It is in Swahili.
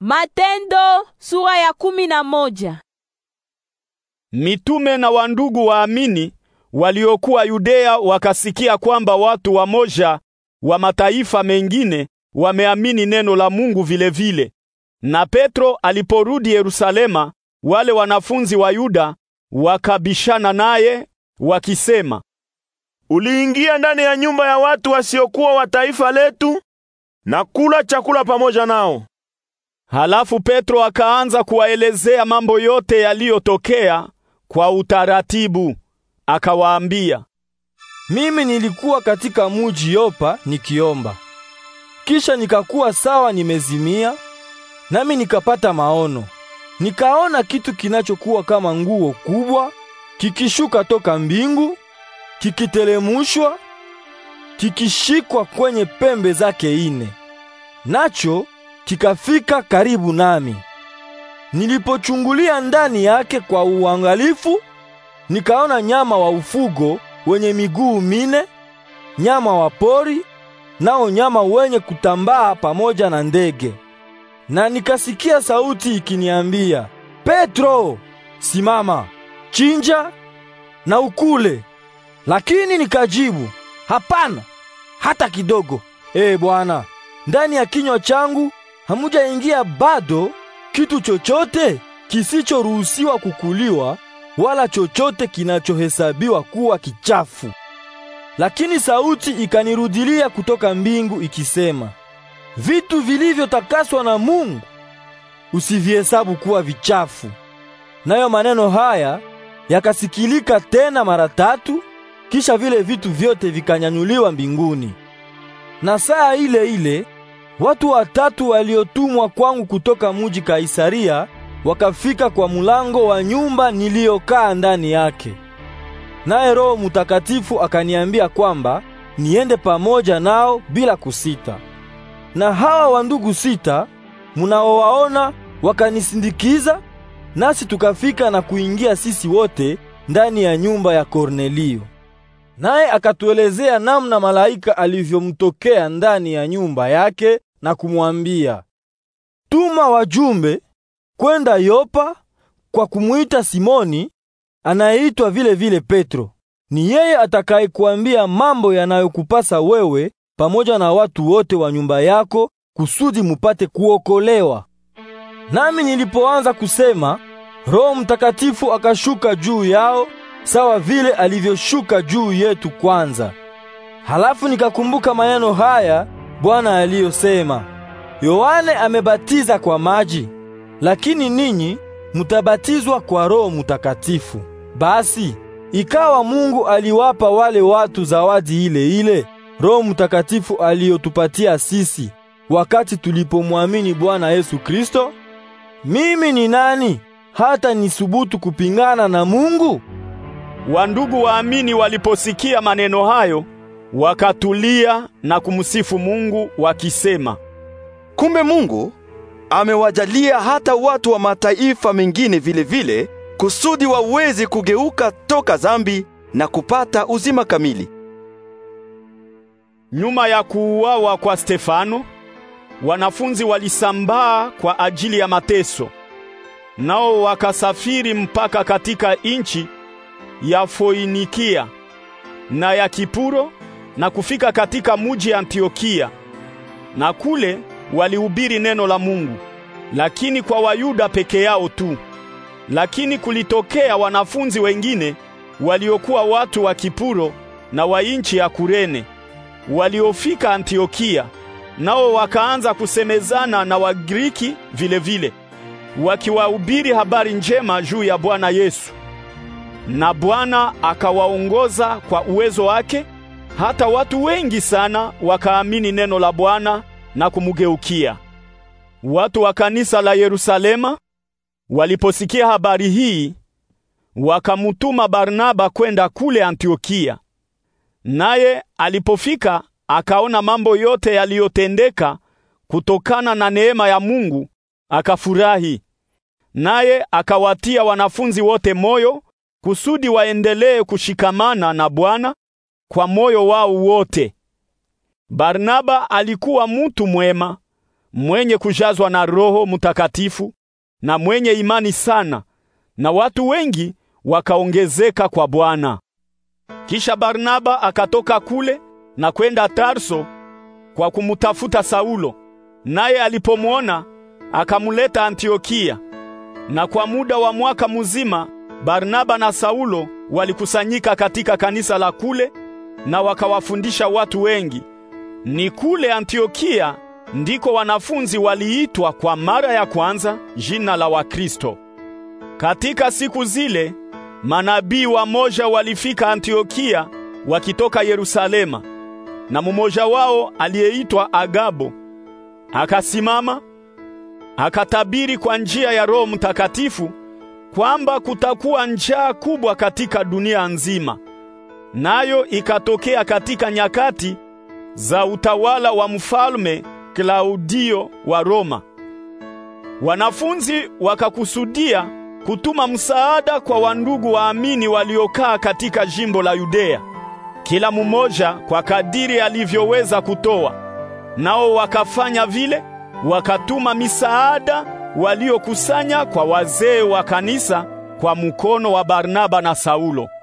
Matendo sura ya kumi na moja. Mitume na wandugu waamini waliokuwa Yudea wakasikia kwamba watu wamoja wa mataifa mengine wameamini neno la Mungu vilevile vile. Na Petro aliporudi Yerusalema, wale wanafunzi wa Yuda wakabishana naye wakisema, uliingia ndani ya nyumba ya watu wasiokuwa wa taifa letu na kula chakula pamoja nao. Halafu Petro akaanza kuwaelezea mambo yote yaliyotokea kwa utaratibu. Akawaambia, mimi nilikuwa katika muji Yopa nikiomba, kisha nikakuwa sawa nimezimia, nami nikapata maono. Nikaona kitu kinachokuwa kama nguo kubwa kikishuka toka mbingu, kikitelemushwa, kikishikwa kwenye pembe zake ine, nacho kikafika karibu nami. Nilipochungulia ndani yake kwa uangalifu, nikaona nyama wa ufugo wenye miguu mine, nyama wa pori, nao nyama wenye kutambaa pamoja na ndege. Na nikasikia sauti ikiniambia, Petro, simama, chinja na ukule. Lakini nikajibu, hapana, hata kidogo. Ee Bwana, ndani ya kinywa changu hamujaingia bado kitu chochote kisichoruhusiwa kukuliwa wala chochote kinachohesabiwa kuwa kichafu. Lakini sauti ikanirudilia kutoka mbingu ikisema, vitu vilivyotakaswa na Mungu usivihesabu kuwa vichafu. Nayo maneno haya yakasikilika tena mara tatu, kisha vile vitu vyote vikanyanyuliwa mbinguni. Na saa ile ile Watu watatu waliotumwa kwangu kutoka muji Kaisaria wakafika kwa mulango wa nyumba niliyokaa ndani yake. Naye Roho Mtakatifu akaniambia kwamba niende pamoja nao bila kusita. Na hawa wandugu sita munaowaona wakanisindikiza, nasi tukafika na kuingia sisi wote ndani ya nyumba ya Kornelio. Naye akatuelezea namna malaika alivyomtokea ndani ya nyumba yake na kumwambia, tuma wajumbe kwenda Yopa kwa kumwita Simoni anayeitwa vile vile Petro. Ni yeye atakayekuambia mambo yanayokupasa wewe pamoja na watu wote wa nyumba yako kusudi mupate kuokolewa. Nami nilipoanza kusema, Roho Mtakatifu akashuka juu yao sawa vile alivyoshuka juu yetu kwanza. Halafu nikakumbuka maneno haya Bwana aliyosema, Yohane amebatiza kwa maji, lakini ninyi mutabatizwa kwa Roho Mutakatifu. Basi ikawa Mungu aliwapa wale watu zawadi ile ile Roho Mtakatifu aliyotupatia sisi wakati tulipomwamini Bwana Yesu Kristo. Mimi ni nani hata nisubutu kupingana na Mungu? Wandugu waamini waliposikia maneno hayo wakatulia na kumsifu Mungu wakisema, kumbe Mungu amewajalia hata watu wa mataifa mengine vile vile, kusudi waweze kugeuka toka dhambi na kupata uzima kamili. Nyuma ya kuuawa kwa Stefano, wanafunzi walisambaa kwa ajili ya mateso. Nao wakasafiri mpaka katika nchi ya Foinikia na ya Kipuro na kufika katika muji Antiokia, na kule walihubiri neno la Mungu, lakini kwa Wayuda peke yao tu. Lakini kulitokea wanafunzi wengine waliokuwa watu wa Kipuro na wa nchi ya Kurene waliofika Antiokia, nao wakaanza kusemezana na Wagiriki vilevile, wakiwahubiri habari njema juu ya Bwana Yesu. Na Bwana akawaongoza kwa uwezo wake hata watu wengi sana wakaamini neno la Bwana na kumugeukia. Watu wa kanisa la Yerusalema waliposikia habari hii, wakamutuma Barnaba kwenda kule Antiokia. Naye alipofika akaona mambo yote yaliyotendeka kutokana na neema ya Mungu, akafurahi. Naye akawatia wanafunzi wote moyo kusudi waendelee kushikamana na Bwana kwa moyo wao wote. Barnaba alikuwa mtu mwema, mwenye kujazwa na Roho Mtakatifu na mwenye imani sana, na watu wengi wakaongezeka kwa Bwana. Kisha Barnaba akatoka kule na kwenda Tarso kwa kumtafuta Saulo, naye alipomwona akamuleta Antiokia. Na kwa muda wa mwaka mzima Barnaba na Saulo walikusanyika katika kanisa la kule na wakawafundisha watu wengi. Ni kule Antiokia ndiko wanafunzi waliitwa kwa mara ya kwanza jina la Wakristo. Katika siku zile manabii wamoja walifika Antiokia wakitoka Yerusalema, na mmoja wao aliyeitwa Agabo akasimama akatabiri kwa njia ya Roho Mtakatifu kwamba kutakuwa njaa kubwa katika dunia nzima Nayo ikatokea katika nyakati za utawala wa mfalme Klaudio wa Roma. Wanafunzi wakakusudia kutuma msaada kwa wandugu waamini waliokaa katika jimbo la Yudea, kila mumoja kwa kadiri alivyoweza kutoa. Nao wakafanya vile, wakatuma misaada waliokusanya kwa wazee wa kanisa kwa mkono wa Barnaba na Saulo.